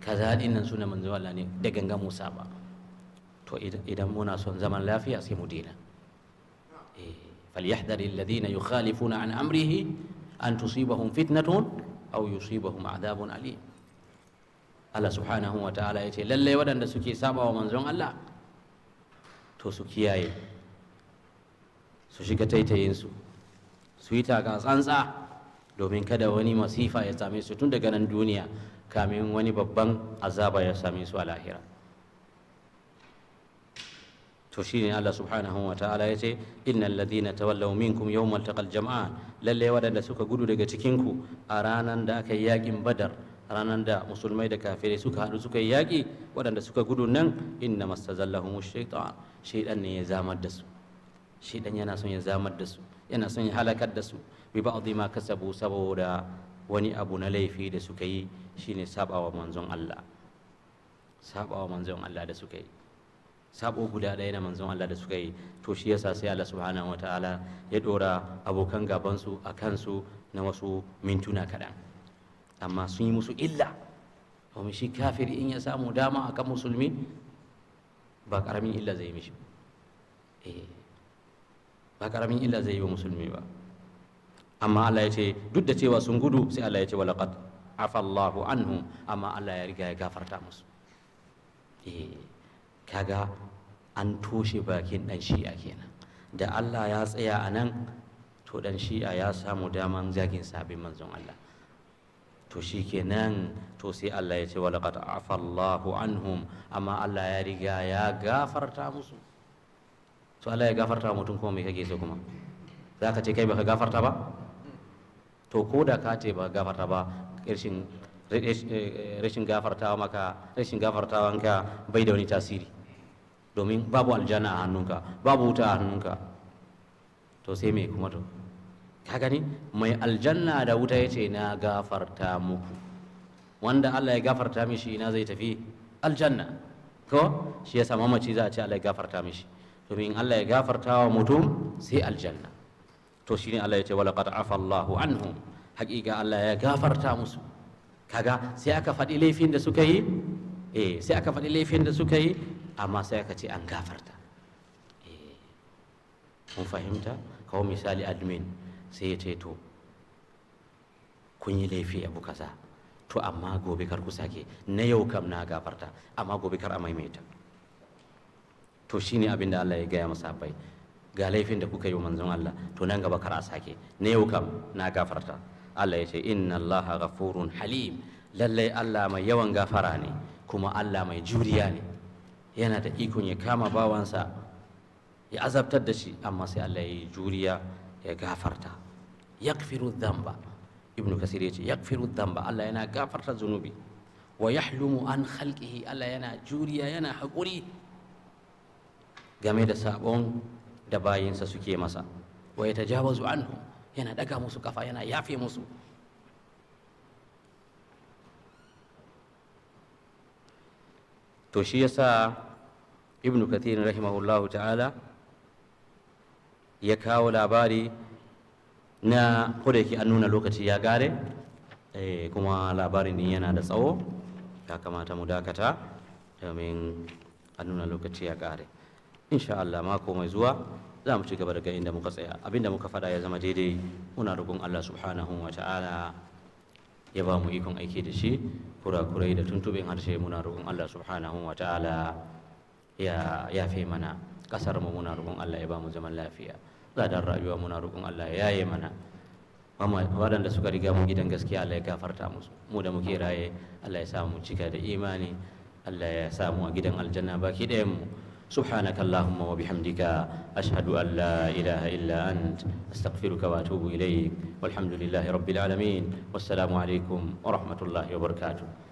kaza din nan sunan manzon Allah ne da gangan Musa ba to idan muna son zaman lafiya sai mu dena فليحذر الذين يخالفون عن أمره أن تصيبهم فتنة أو يصيبهم عذاب أليم Allah subhanahu wa ta'ala ya ce lallai waɗanda suke sabawa manzon Allah to su kiyaye su shiga taitayinsu su yi taka tsantsa domin kada wani masifa ya same su tun daga nan duniya kamin wani babban azaba ya same su a lahira to shine Allah subhanahu wa ta'ala ya ce innal ladina tawallaw minkum yawmal taqal jam'an lalle wadanda suka gudu daga cikin ku a ranan da aka yi yakin badar ranar da musulmai da kafirai suka haɗu suka yi yaƙi waɗanda suka gudu nan inna mastazallahu shaitan shaitan ne ya zamar da su shaitan yana son ya zamar da su yana son ya halakar da su bi ba'dhi ma kasabu saboda wani abu na laifi da suka yi shine sabawa manzon Allah sabawa manzon Allah da suka yi sabo guda ɗaya na manzon Allah da suka yi to shi yasa sai Allah subhanahu wataala ya dora abokan su a kansu na wasu mintuna kaɗan amma sun yi musu illa kuma shi kafiri in ya samu dama akan musulmi ba ƙaramin illa zai mishi ba karamin eh, illa zai yi wa musulmi ba amma Allah ya ce duk da cewa sun gudu sai Allah ya ce walaqad afallahu anhum amma Allah ya riga ya gafarta musu eh kaga an toshe bakin dan shi'a kenan da Allah ya tsaya a nan to dan shi'a ya samu daman zagin sabin manzon Allah to shi kenan to sai Allah ya ce wa laqad afallahu anhum amma Allah ya riga ya gafarta musu to Allah ya gafarta mutum kuma me kake so kuma zaka ce kai baka gafarta ba to ko da ka ce baka gafarta ba rashin rashin eh, eh, gafartawa maka rashin gafartawanka bai da wani tasiri domin babu aljanna a hannunka babu wuta a hannunka to sai mai kuma to ka gani mai aljanna da wuta ya ce na gafarta muku wanda Allah ya gafarta mishi na zai tafi aljanna ko shi ya sama mace za a ce Allah ya gafarta mishi domin Allah ya gafarta wa mutum sai aljanna to shine Allah ya ce wala qad afa Allahu anhum haƙiƙa Allah ya gafarta musu kaga sai aka faɗi laifin da suka yi eh sai aka faɗi laifin da suka yi amma sai aka ce an gafarta eh mun fahimta kawo misali admin sai ya ce to kun yi laifi abu kaza to amma gobe kar ku sake na yau kam na gafarta amma gobe kar a maimaita to shine abin da Allah ya gaya masa bai ga laifin da kuka yi wa manzon Allah to nan gaba kar a sake na yau kam na gafarta Allah ya ce inna Allah ghafurun halim lallai Allah mai yawan gafara ne kuma Allah mai juriya ne yana da ikon ya kama bawansa ya azabtar da shi amma sai Allah ya yi juriya ya gafarta yaghfiru dhanba ibn kasir ya ce yaghfiru dhanba Allah yana gafarta zunubi wa yahlumu an khalqihi Allah yana juriya yana haƙuri game da sabon da bayinsa suke masa wa yatajawazu anhu yana daga musu kafa yana yafe musu to shi yasa ibn kathir rahimahullahu ta'ala ya kawo labari na koda yake an nuna lokaci ya gare eh, kuma labarin yana da tsawo ya kamata mu dakata domin an nuna lokaci ya gare insha Allah mako mai zuwa za mu ci gaba ganin da muka tsaya abinda muka fada ya zama daidai muna roƙon Allah subhanahu wa ta'ala ya ba mu ikon aiki da shi kurakurai da tuntuɓin harshe muna roƙon Allah subhanahu wa ta'ala ya yafe mana kasar mu muna roƙon Allah ya ba mu zaman lafiya tsadar rayuwa muna roƙon Allah ya yaye mana waɗanda suka riga mu gidan gaskiya Allah ya gafarta musu mu da muke raye Allah ya sa mu cika da imani Allah ya sa mu a gidan aljanna baki ɗayan mu سبحانك اللهم وبحمدك أشهد أن لا إله إلا أنت أستغفرك وأتوب إليك والحمد لله رب العالمين والسلام عليكم ورحمة الله وبركاته